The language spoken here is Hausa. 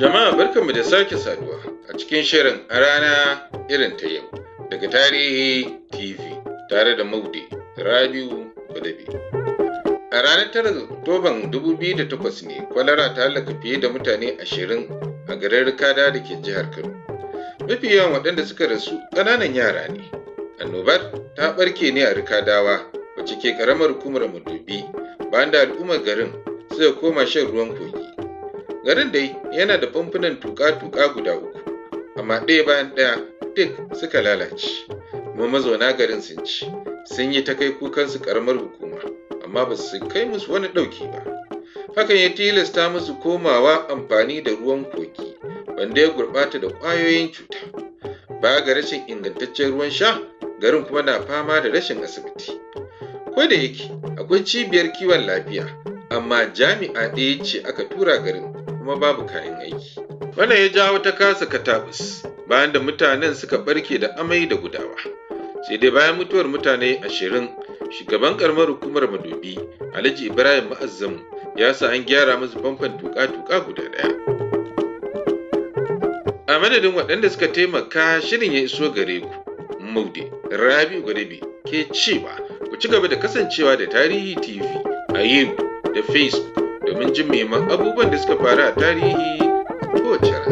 Jama'a barka mu da sake saduwa a cikin shirin a rana irin ta yau daga Tarihi TV tare da Maudi Rabiu Badabi. A ranar tara ga Oktoban 2008 ne kwalara ta halaka fiye da mutane ashirin a garin Rikada da ke jihar Kano. Mafi yawan waɗanda suka rasu ƙananan yara ne. Annobar ta ɓarke ne a Rikadawa wacce ke ƙaramar hukumar Madobi bayan da al'ummar garin suka koma shan ruwan kogi. Garin dai yana da famfunan tuƙa-tuƙa guda uku, amma ɗaya bayan ɗaya duk suka lalace, kuma mazauna garin sun ci, sun yi ta kai kukansu ƙaramar hukuma, amma ba su kai musu wani ɗauki ba. Hakan ya tilasta musu komawa amfani da ruwan koki, wanda ya gurɓata da ƙwayoyin cuta. Ba ga rashin ingantaccen ruwan sha, garin kuma na fama da rashin asibiti. Ko da yake, akwai cibiyar kiwon lafiya amma jami'a ɗaya ce aka tura garin kuma babu kayan aiki. Wannan ya jawo ta kasa katabus bayan da mutanen suka barke da amai da gudawa. Sai dai bayan mutuwar mutane ashirin shugaban karamar hukumar madobi Alhaji Ibrahim Ma'azzam ya sa an gyara musu famfon tuka-tuka guda ɗaya. A madadin waɗanda suka taimaka shirin ya iso gare ku. Maude Rabi'u Gwadabi ke cewa ku ci gaba da kasancewa da Tarihi TV a yau. da Facebook domin jin meman abubuwan da suka faru a tarihi kowace